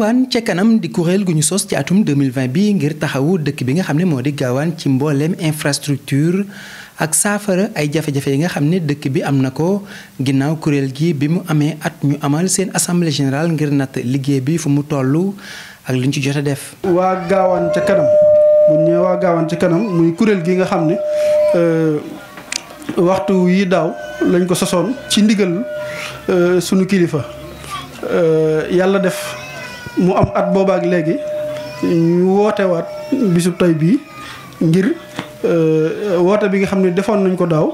gaawaan ca kanam di kuréel gu ñu sos ci atum 2020 bi ngir taxawu dëkk bi nga xam ne moo di gaawaan ci mbooleem infrastructure ak saafara ay jafe-jafe yi nga xam ne dëkk bi am na ko ginnaaw kuréel gi bi mu amee at ñu amal seen assemblée général ngir natt liggéey bi fu mu toll ak liñ ci jot a def. waa gaawaan ca kanam bu ñu waa gaawaan kanam muy kuréel gi nga xam ne euh, waxtu yi daaw lañ ko sosoon ci ndigal euh, sunu kilifa euh, yàlla def. mu am at boobaak léegi ñu wootewaat bisub tey bii ngir euh, woote bi nga xam ne defoon nañ ko daaw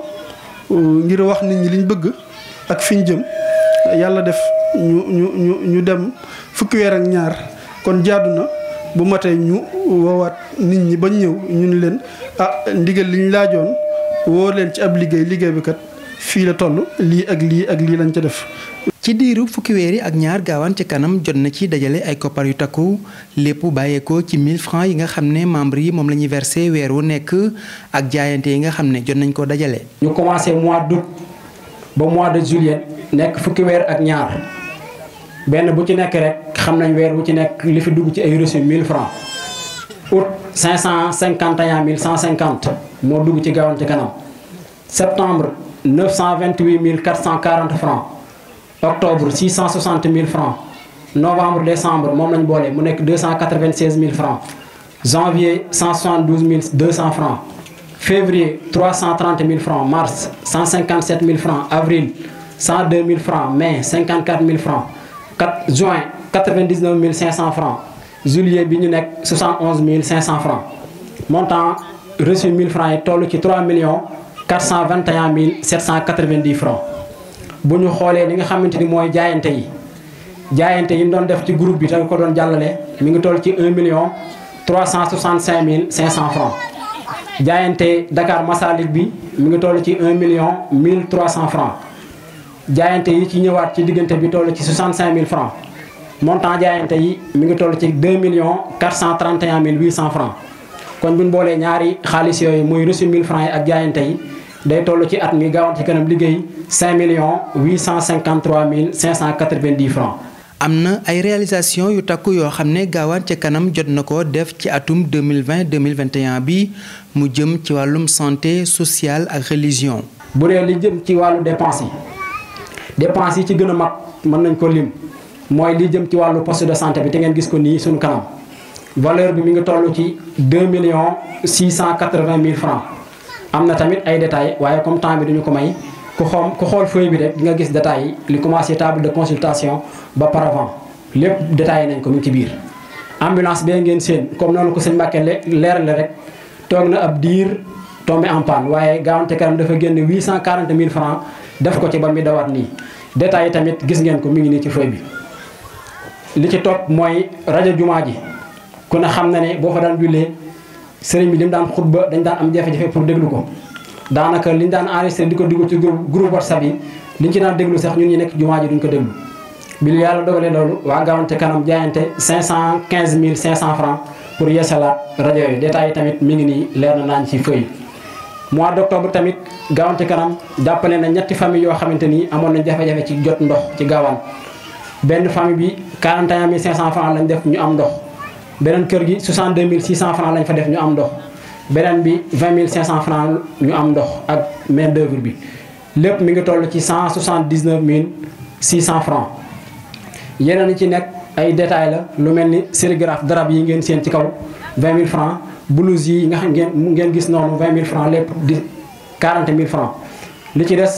euh, ngir wax nit ñi liñ bëgg ak fiñ jëm yàlla def ñu ñu ñu ñu dem fukki weer ak ñaar kon jaadu na bu matee ñu woowaat nit ñi bañ ñëw ñu ni leen ah ndigal liñ laajoon woo leen ci ab liggéey liggéey bi kat fii la toll lii ak lii ak lii lañ ca def ci diiru fukki weer yi ak ñaar gaawaan ci kanam jot na ci dajale ay koppar yu takku lépp bàyyeekoo ci mille francs yi nga xam ne membre yi moom lañuy ñuy weer wu nekk ak jaayante yi nga xam ne jot nañ ko dajale. ñu commencé mois d'août ba mois de juillet nekk fukki weer ak ñaar benn bu ci nekk rek xam nañ weer bu ci nekk li fi dugg ci ay reçu 1000 francs août 551 150 moo dugg ci gaawaan ci kanam septembre 928 440 francs. octobre 660 000 francs novembre décembre moom lañ boole mu nekk 296 000 francs janvier 172 200 francs février 330 000 francs mars 157 000 francs avril 102 000 francs mai 54 000 francs 4 juin 99 500 francs juillet bi ñu nekk 71 500 francs montant reçu mille francs yi toll ci 3 millions 421 790 francs bu ñu xoolee li nga xamante ni mooy jaayante yi jaayante yi mu doon def ci groupe bi te ko doon jàllale mi ngi toll ci 1 million 365 mille 500 francs jaayante Dakar Massalik bi mu ngi toll ci 1 million 1300 francs jaayante yi ci ñëwaat ci diggante bi toll ci 65 mille francs montant jaayante yi mi ngi toll ci 2 millions 431 mille 800 francs kon bu ñu boolee ñaari xaalis yooyu muy reçu 1000 francs yi ak jaayante yi. day toll ci at mi gaawoon ci kanam liggéey 5 millions 853 mille 590 francs. am na ay réalisation yu takku yoo xam ne gaawaan ci kanam jot na ko def ci atum 2020 2021 bi mu jëm ci wàllum santé sociale ak religion. bu dee li jëm ci wàllu dépense yi dépense yi ci gën a mag mën nañ ko lim mooy li jëm ci wàllu poste de santé bi te ngeen gis ko nii suñu kanam valeur bi mi ngi toll ci million millions 680 mille francs. am na tamit ay détails waaye comme temps bi duñu ko may ku xoom ku xool feuille bi rek di nga gis détails li commencé table de consultation ba par lépp détaillé nañ ko mu ngi ci biir. ambulance bee ngeen seen comme noonu ko sëñ Mbàkke leerale rek toog na ab diir tombé en panne waaye gaawante kanam dafa génn cent 840 mille francs def ko ci ba mi dawaat nii détails yi tamit gis ngeen ko mi ngi nii ci feuille bi. li ci topp mooy rajo jumaa ji ku ne xam na ne boo fa daan jullee. sëriñ bi li mu daan xutba dañ daan am jafe-jafe pour déglu ko daanaka liñ daan enregistré di ko dugg ci groupe whatsapp yi liñ ci daan déglu sax ñu ñi nekk jumaa ji duñ ko déglu bi lu yàlla dogalee loolu waa Gaawante kanam jaayante 515 500 francs pour yeesalaat rajo yooyu détails yi tamit mi ngi nii leer na naan ci feuille mois d' octobre tamit Gaawante kanam jàppale na ñetti famille yoo xamante ni amoon nañ jafe-jafe ci jot ndox ci gaawaan benn famille bi 41 500 francs lañ def ñu am beneen kër gi 62 600 francs lañ fa def ñu am ndox beneen bi mille 500 francs ñu am ndox ak main d'œuvre bi lépp mi ngi toll ci 179 600 francs yeneen yi ci nekk ay détails la lu mel ni sérigraphe darab yi ngeen seen ci kaw 20 000 francs blouse yi nga xam ngeen ngeen gis noonu 20 000 francs lépp di 40 000 francs li ci des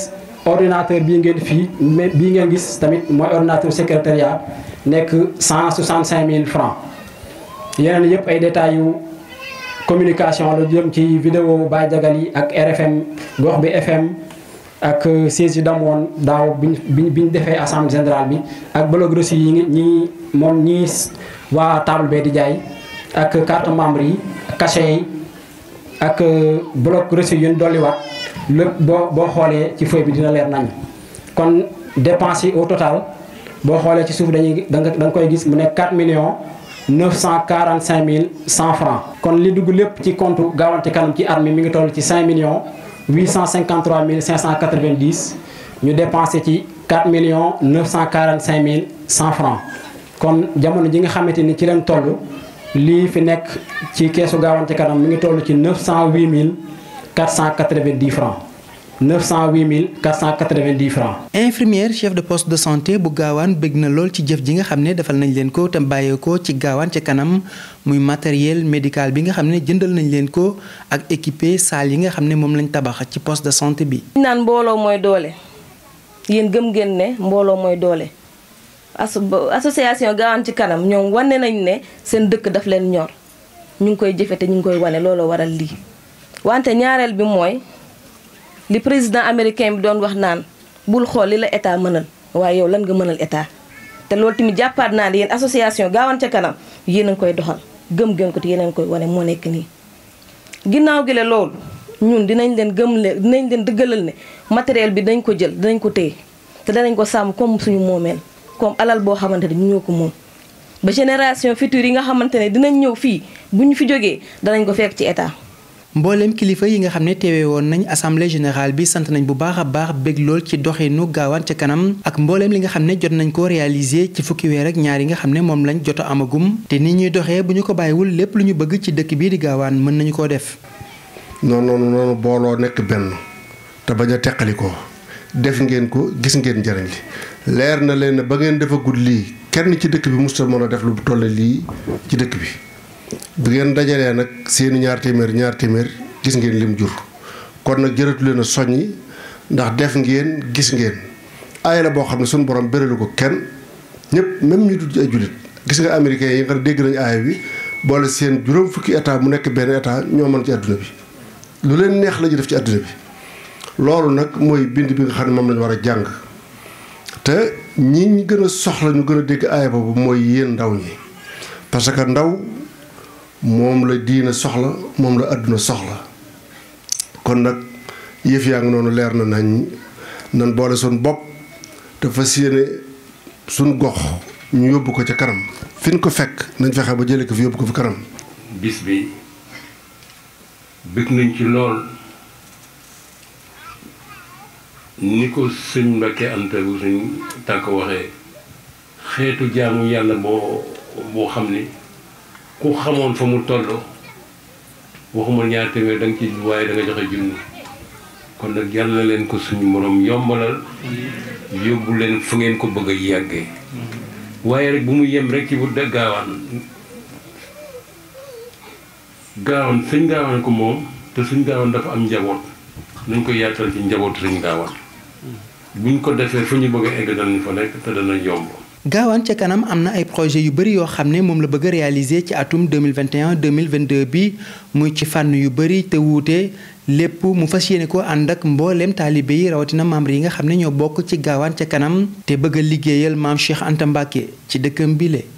ordinateur bii ngeen fii mais bii ngeen gis tamit mooy ordinateur secrétariat nekk 165 000 francs yeneen yëpp ay détails communication la jëm ci vidéo Baye Diagal yi ak RFM gox bi FM ak siège yi dam woon bi biñ biñ defee assemblée générale bi ak blog reçu yi ñi moom ñii waa table bee di jaay ak carte membre yi cachet yi ak bloc reçu yu ñu dolliwaat lépp boo boo xoolee ci feuille bi dina leer nañ kon dépense yi au total boo xoolee ci suuf dañuy da nga koy gis mu ne 4 millions neuf cent quarante cinq mille cent francs kon li dugg lépp ci compte Gaawante Kanam ci armée mi ngi toll ci cinq millions huit cent mille cinq cent quatre vingt ñu dépensé ci quatre millions neuf cent quarante cinq mille cent francs kon jamono ji nga xamante ni ci leen toll lii fi nekk ci keesu Gaawante Kanam mi ngi toll ci neuf cent huit mille quatre cent quatre francs 908 490 francs. infirmière chef de poste de santé bu gaawaan bëgg na lool ci jëf ji nga xam ne defal nañ leen ko te ko ci gaawaan ca kanam muy matériel médical bi nga xam ne jëndal nañ leen ko ak équipé saal yi nga xam ne moom lañ tabax ci poste de santé bi. ñu naan mbooloo mooy doole yéen gëm ngeen ne mbooloo mooy doole aso association gaawaan ci kanam ñoom wane nañ ne seen dëkk daf leen ñor ñu ngi koy jëfe te ñu ngi koy wane looloo waral lii wante ñaareel bi mooy. li président américain bi doon wax naan bul xool li la état mënal waaye yow lan nga mënal état te loolu tamit jàppaat naa ne yéen association Gawane ca kanam yéen a koy doxal gëm gën ko te yéen koy wane moo nekk nii. ginnaaw gi loolu ñun dinañ leen gëm dinañ leen dëggalal ne matériel bi dañ ko jël dinañ ko téye te danañ ko sàmm comme suñu moomeel comme alal boo xamante ne ñu ñoo ko moom. ba génération future yi nga xamante ne dinañ ñëw fii bu ñu fi jógee danañ ko fekk ci état. mbooleem kilifa yi nga xam ne teewe woon nañ assemblée générale bi sant nañ bu baax a baax bég lool ci doxinu gaawaan ca kanam ak mbooleem li nga xam ne jot nañ ko réaliser ci fukki weer ak ñaar yi nga xam ne moom lañ jot amagum te ni ñuy doxee bu ñu ko bàyyiwul lépp lu ñu bëgg ci dëkk bii di gaawaan mën nañu koo def noonu noonu noonu booloo nekk benn te bañ a teqali ko def ngeen ko gis ngeen njëriñ li leer na leen ba ngeen defagul lii kenn ci dëkk bi musta mën a def lu tolle lii ci dëkk bi bu ngeen dajalee nag seeni ñaar téeméer ñaar téeméer gis ngeen lim jur kon nag jërëtu leen a soññi ndax def ngeen gis ngeen aaya la boo xam ne suñ borom béralu ko kenn ñëpp même ñu dul ay jullit gis nga américains yi nga dégg nañu aaya bi boole seen juróom fukki état mu nekk benn état ñoo mën ci àdduna bi lu leen neex lañu def ci àdduna bi loolu nag mooy bind bi nga xam ne moom lañu war a jàng te ñi ñu gën a soxla ñu gën a dégg aaya boobu mooy yéen ndaw ñi parce que ndaw moom la diina soxla moom la àdduna soxla kon nag yëf yaa ngi noonu leer na nañ nan boole suñ bopp te fas yéene suñ gox ñu yóbbu ko ca kanam fi ko fekk nañ fexe ba jële ko fi yóbbu ko fi kanam bis bi bëgg nañ ci lool ni ko sëñ Mbacke Anta bu suñ tànk waxee xeetu jaamu yàlla boo boo xam ni ku xamoon fa mu toll waxuma ñaar téeméer da ci waaye da joxe junni kon nag yàlla leen ko suñu moroom yombalal yóbbu leen fu ngeen ko bëgg a yàggee waaye rek bu mu yem rek ci bu da gaawaan gaawaan sëñ gaawaan ko moom te suñ gaawaan dafa am njaboot nañ ko yaatal ci njabootu suñ gaawaan buñ ko defee fu ñu bëgg a egg danañ fa nekk te dana yomb gaawaan ca kanam am na ay projet yu bari yoo xam ne moom la bëgg a ci atum 2021 2022 bi muy ci fànn yu bëri te wuute lépp mu fas yéene ko ànd ak mboolem taalibe yi rawatina membre yi nga xam ne ñoo bokk ci gaawaan ca kanam te bëgga a liggéeyal maam Cheikh Anta ci dëkkam bile